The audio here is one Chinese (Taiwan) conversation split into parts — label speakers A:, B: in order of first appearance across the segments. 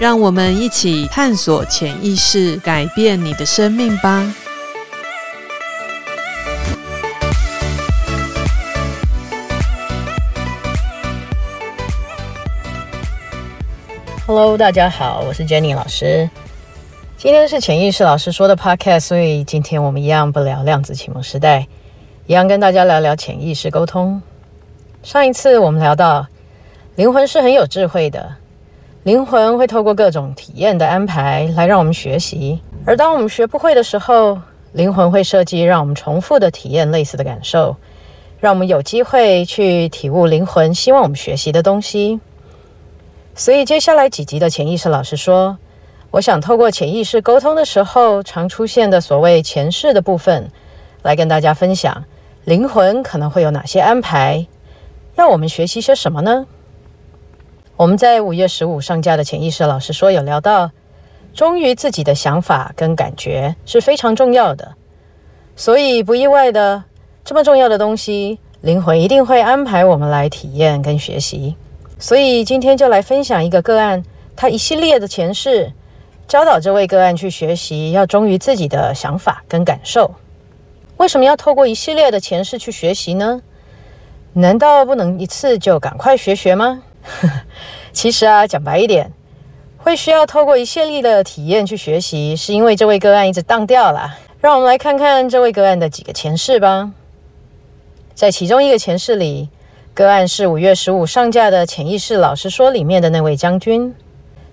A: 讓我們一起探索潛意識，改變你的生命吧。Hello，大家好，我是 Jenny 老師。今天是潛意識老實說的 Podcast，所以今天我們一樣不聊量子啟蒙時代，一樣跟大家聊聊潛意識溝通。上一次我們聊到，靈魂是很有智慧的。靈魂會透過各種體驗的安排來讓我們學習，而當我們學不會的時候，靈魂會設計讓我們重複的體驗類似的感受，讓我們有機會去體悟靈魂希望我們學習的東西。所以接下來幾集的潛意識老實說，我想透過潛意識溝通的時候常出現的所謂前世的部分，來跟大家分享靈魂可能會有哪些安排，要我們學習些什麼呢？我們在五月十五上架的潛意識老實說，有聊到忠於自己的想法跟感覺是非常重要的，所以不意外的，這麼重要的東西，靈魂一定會安排我們來體驗跟學習。所以今天就來分享一個個案，他一系列的前世教導這位個案去學習要忠於自己的想法跟感受。為什麼要透過一系列的前世去學習呢？難道不能一次就趕快學會嗎？ 其實啊，講白一點，會需要透過一系列的體驗去學習，是因為這位個案一直當掉了。讓我們來看看這位個案的幾個前世吧。在其中一個前世裡，個案是五月十五上架的《潛意識老實說》裡面的那位將軍。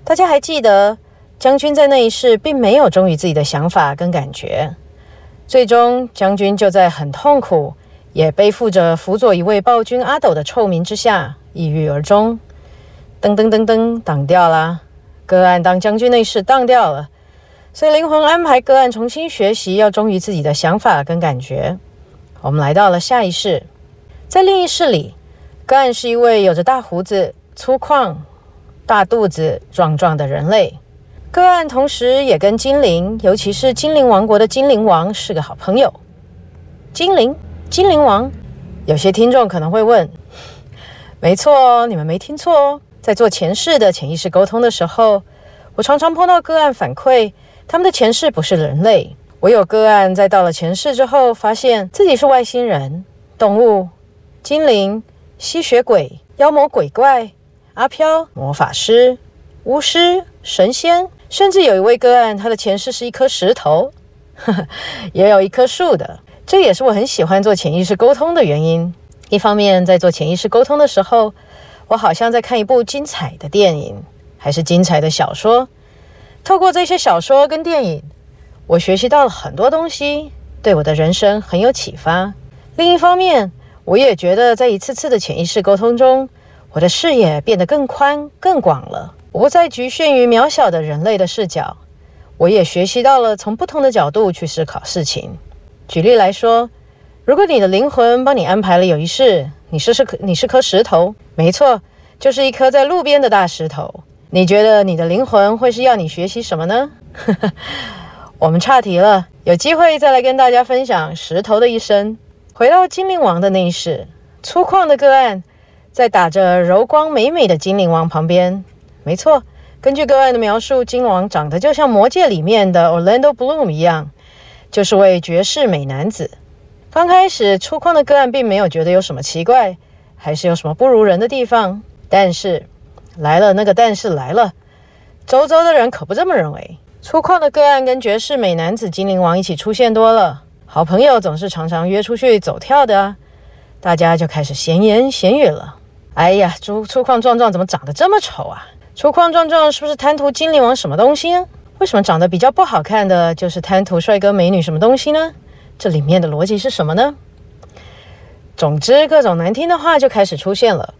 A: 大家還記得，將軍在那一世並沒有忠於自己的想法跟感覺，最終將軍就在很痛苦，也背負着輔佐一位暴君阿斗的臭名之下，抑鬱而終。噔噔噔噔，當掉了。個案當將軍，那世當掉了。所以靈魂安排個案重新學習，要忠於自己的想法跟感覺。我們來到了下一世，在另一世裡，個案是一位有着大鬍子、粗獷、大肚子、壯壯的人類。個案同時也跟精靈，尤其是精靈王國的精靈王，是個好朋友。精靈，精靈王。有些聽眾可能會問：沒錯哦，你們沒聽錯哦。在做前世的潛意識溝通的時候，我常常碰到個案反饋，他們的前世不是人類。我有個案在到了前世之後，發現自己是外星人、動物、精靈、吸血鬼、妖魔鬼怪、阿飄、魔法師、巫師、神仙，甚至有一位個案，他的前世是一顆石頭，呵呵也有一棵樹的。這也是我很喜歡做潛意識溝通的原因。一方面，在做潛意識溝通的時候。我好像在看一部精彩的電影，還是精彩的小說。透過這些小說跟電影，我學習到了很多東西，對我的人生很有啟發。另一方面，我也覺得在一次次的潛意識溝通中，我的視野變得更寬、更廣了。我不再局限於渺小的人類的視角，我也學習到了從不同的角度去思考事情。舉例來說，如果你的靈魂幫你安排了有一世，你是是顆你是顆石頭，沒錯，就是一顆在路邊的大石頭。你覺得你的靈魂會是要你學習什麼呢？ 我們岔題了，有機會再來跟大家分享石頭的一生。回到精靈王的那一世，粗獷的個案在打着柔光美美的精靈王旁邊，沒錯，根據個案的描述，精靈王長得就像魔戒裡面的 Orlando Bloom 一樣，就是位絕世美男子。剛開始，粗獷的個案並沒有覺得有什麼奇怪，還是有什麼不如人的地方。但是，來了，那個但是來了，周遭的人可不這麼認為。粗獷的個案跟絕世美男子精靈王一起出現多了，好朋友總是常常約出去走跳的，啊，大家就開始閒言閒語了。哎呀，粗、粗獷壯壯怎麼長得這麼醜啊？粗獷壯壯是不是貪圖精靈王什麼東西？為什麼長得比較不好看的，就是貪圖帥哥美女什麼東西呢？這裡面的邏輯是什麼呢？總之，各種難聽的話就開始出現了。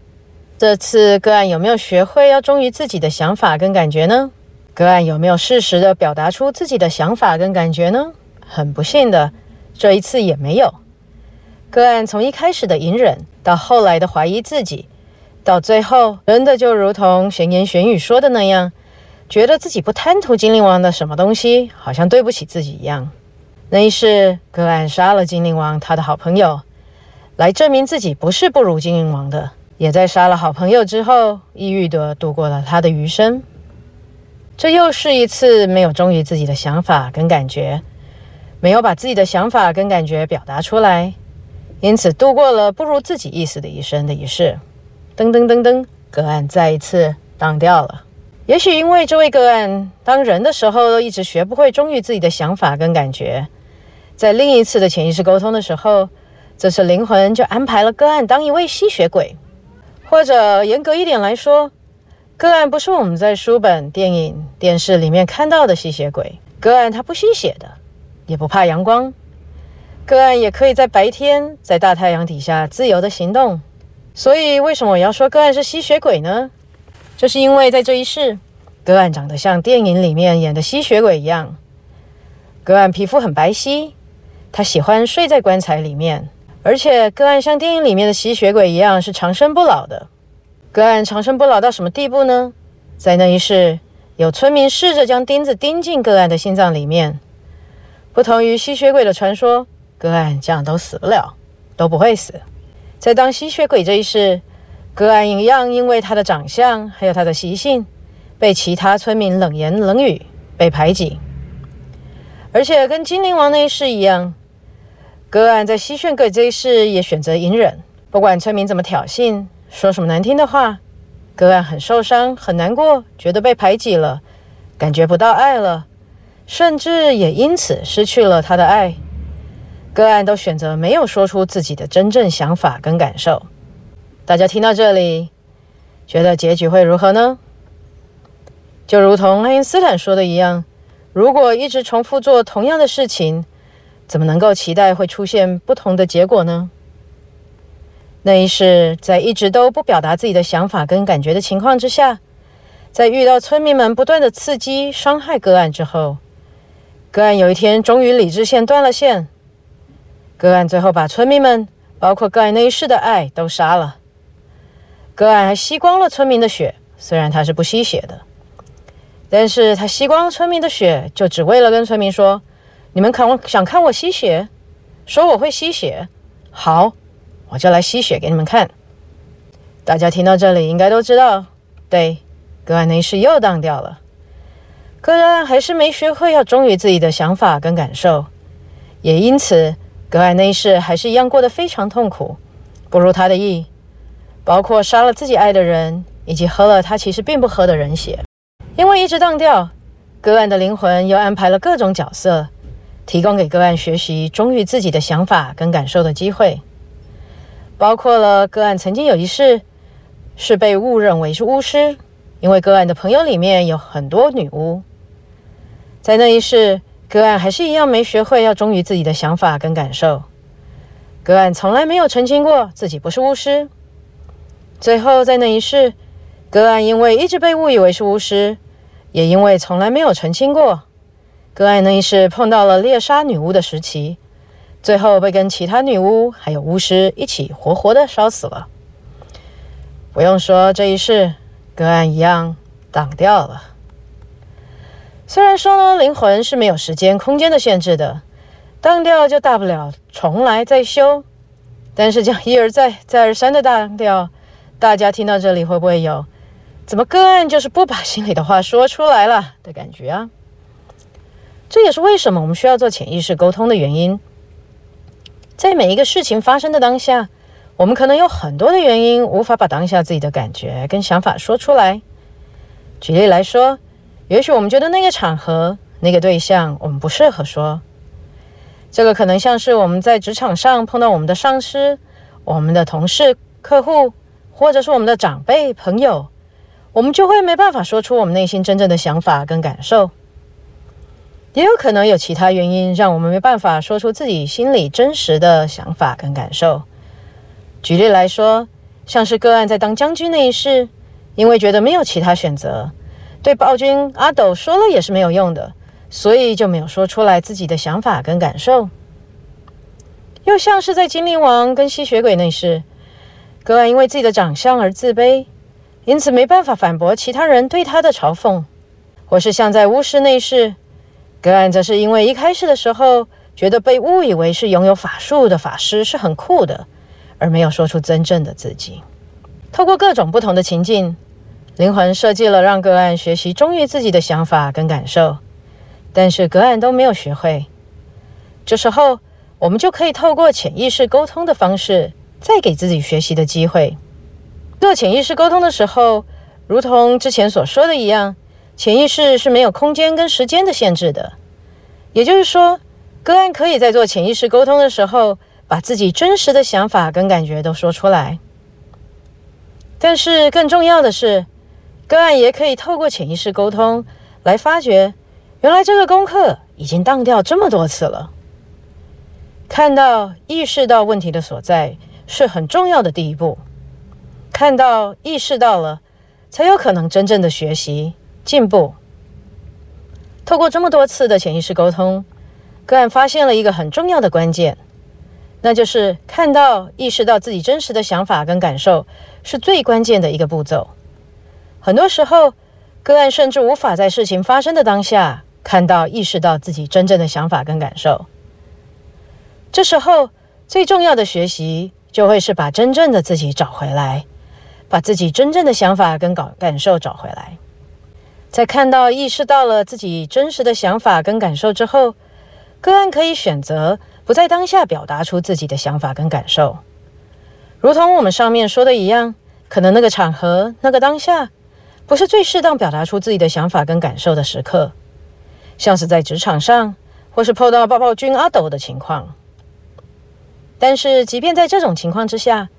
A: 這次個案有沒有學會要忠於自己的想法跟感覺呢？個案有沒有適時的表達出自己的想法跟感覺呢？很不幸的，這一次也沒有。個案從一開始的隱忍，到後來的懷疑自己，到最後真的就如同閒言閒語說的那樣，覺得自己不貪圖精靈王的什麼東西，好像對不起自己一樣。那一世，個案殺了精靈王，他的好朋友，來證明自己不是不如精靈王的。也在殺了好朋友之後，抑鬱的度過了他的餘生。這又是一次沒有忠於自己的想法跟感覺，沒有把自己的想法跟感覺表達出來，因此度過了不如自己意思的一生的一世。噔噔噔噔，個案再一次當掉了。也許因為這位個案當人的時候，都一直學不會忠於自己的想法跟感覺。在另一次的潛意識溝通的時候，這次靈魂就安排了個案當一位吸血鬼，或者嚴格一點來說，個案不是我們在書本、電影、電視裡面看到的吸血鬼。個案他不吸血的，也不怕陽光，個案也可以在白天在大太陽底下自由的行動。所以為什麼我要說個案是吸血鬼呢？就是因為在這一世，個案長得像電影裡面演的吸血鬼一樣，個案皮膚很白皙。他喜歡睡在棺材裡面，而且個案像電影裡面的吸血鬼一樣，是長生不老的。個案長生不老到什麼地步呢？在那一世，有村民試着將釘子釘進個案的心臟裡面。不同於吸血鬼的傳說，個案這樣都死不了，都不會死。在當吸血鬼這一世，個案一樣，因為他的長相還有他的習性，被其他村民冷言冷語，被排擠。而且跟精靈王那一世一樣。個案在吸血鬼這一世也選擇隱忍，不管村民怎麼挑釁，說什麼難聽的話，個案很受傷，很難過，覺得被排擠了，感覺不到愛了，甚至也因此失去了他的愛。個案都選擇沒有說出自己的真正想法跟感受。大家聽到這裡，覺得結局會如何呢？就如同愛因斯坦說的一樣，如果一直重複做同樣的事情。怎麼能夠期待會出現不同的結果呢？那一世，在一直都不表達自己的想法跟感覺的情況之下，在遇到村民們不斷的刺激傷害個案之後，個案有一天終於理智線斷了線，個案最後把村民們，包括個案那一世的愛都殺了。個案還吸光了村民的血，雖然他是不吸血的，但是他吸光村民的血，就只為了跟村民說。你們看，我想看我吸血，說我會吸血，好，我就來吸血給你們看。大家聽到這裡應該都知道，對，個案那一世又當掉了。個案還是沒學會要忠於自己的想法跟感受，也因此，個案那一世還是一樣過得非常痛苦，不如他的意，包括殺了自己愛的人，以及喝了他其實並不喝的人血。因為一直當掉，個案的靈魂又安排了各種角色。提供給個案學習忠於自己的想法跟感受的機會，包括了個案曾經有一世是被誤認為是巫師，因為個案的朋友裡面有很多女巫。在那一世，個案還是一樣沒學會要忠於自己的想法跟感受。個案從來沒有澄清過自己不是巫師。最後在那一世，個案因為一直被誤以為是巫師，也因為從來沒有澄清過。個案那一世碰到了獵殺女巫的時期，最後被跟其他女巫還有巫師一起活活的燒死了。不用說，這一世個案一樣當掉了。雖然說呢，靈魂是沒有時間、空間的限制的，當掉就大不了重來再修。但是這樣一而再、再而三的當掉，大家聽到這裡會不會有怎麼個案就是不把心裡的話說出來了的感覺啊？這也是為什麼我們需要做潛意識溝通的原因。在每一個事情發生的當下，我們可能有很多的原因無法把當下自己的感覺跟想法說出來。舉例來說，也許我們覺得那個場合、那個對象，我們不適合說。這個可能像是我們在職場上碰到我們的上司、我們的同事、客戶，或者是我們的長輩、朋友，我們就會沒辦法說出我們內心真正的想法跟感受。也有可能有其他原因，讓我們沒辦法說出自己心裡真實的想法跟感受。舉例來說，像是個案在當將軍那一世，因為覺得沒有其他選擇，對暴君阿斗說了也是沒有用的，所以就沒有說出來自己的想法跟感受。又像是在精靈王跟吸血鬼那一世，個案因為自己的長相而自卑，因此沒辦法反駁其他人對他的嘲諷。或是像在巫師那一世，個案則是因為一開始的時候覺得被誤以為是擁有法術的法師是很酷的，而沒有說出真正的自己。透過各種不同的情境，靈魂設計了讓個案學習忠於自己的想法跟感受，但是個案都沒有學會。這時候，我們就可以透過潛意識溝通的方式，再給自己學習的機會。做潛意識溝通的時候，如同之前所說的一樣。潛意識是沒有空間跟時間的限制的，也就是說，個案可以在做潛意識溝通的時候，把自己真實的想法跟感覺都說出來。但是更重要的是，個案也可以透過潛意識溝通來發覺，原來這個功課已經當掉這麼多次了。看到、意識到問題的所在是很重要的第一步，看到、意識到了，才有可能真正的學習。進步。透過這麼多次的潛意識溝通，個案發現了一個很重要的關鍵，那就是看到、意識到自己真實的想法跟感受是最關鍵的一個步驟。很多時候，個案甚至無法在事情發生的當下看到、意識到自己真正的想法跟感受。這時候，最重要的學習就會是把真正的自己找回來，把自己真正的想法跟感感受找回來。在看到、意識到了自己真實的想法跟感受之後，個案可以選擇不在當下表達出自己的想法跟感受。如同我們上面說的一樣，可能那個場合、那個當下，不是最適當表達出自己的想法跟感受的時刻，像是在職場上，或是碰到暴暴君阿斗的情況。但是，即便在這種情況之下，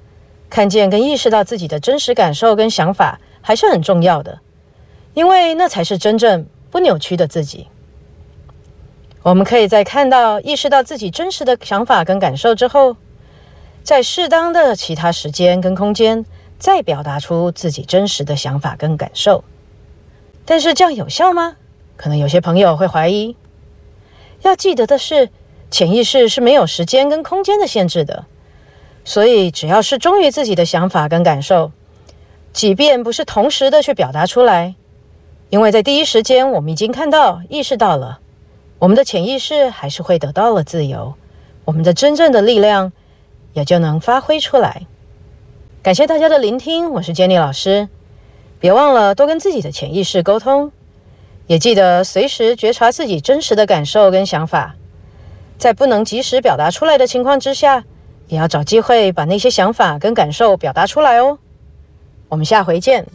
A: 看見跟意識到自己的真實感受跟想法，還是很重要的。因為那才是真正不扭曲的自己。我們可以在看到、意識到自己真實的想法跟感受之後，在適當的其他時間跟空間再表達出自己真實的想法跟感受。但是這樣有效嗎？可能有些朋友會懷疑。要記得的是，潛意識是沒有時間跟空間的限制的。所以，只要是忠於自己的想法跟感受，即便不是同時的去表達出來，因為在第一時間，我們已經看到、意識到了，我們的潛意識還是會得到了自由，我們的真正的力量也就能發揮出來。感謝大家的聆聽，我是 Jenny 老師。別忘了多跟自己的潛意識溝通，也記得隨時覺察自己真實的感受跟想法。在不能及時表達出來的情況之下，也要找機會把那些想法跟感受表達出來哦。我們下回見。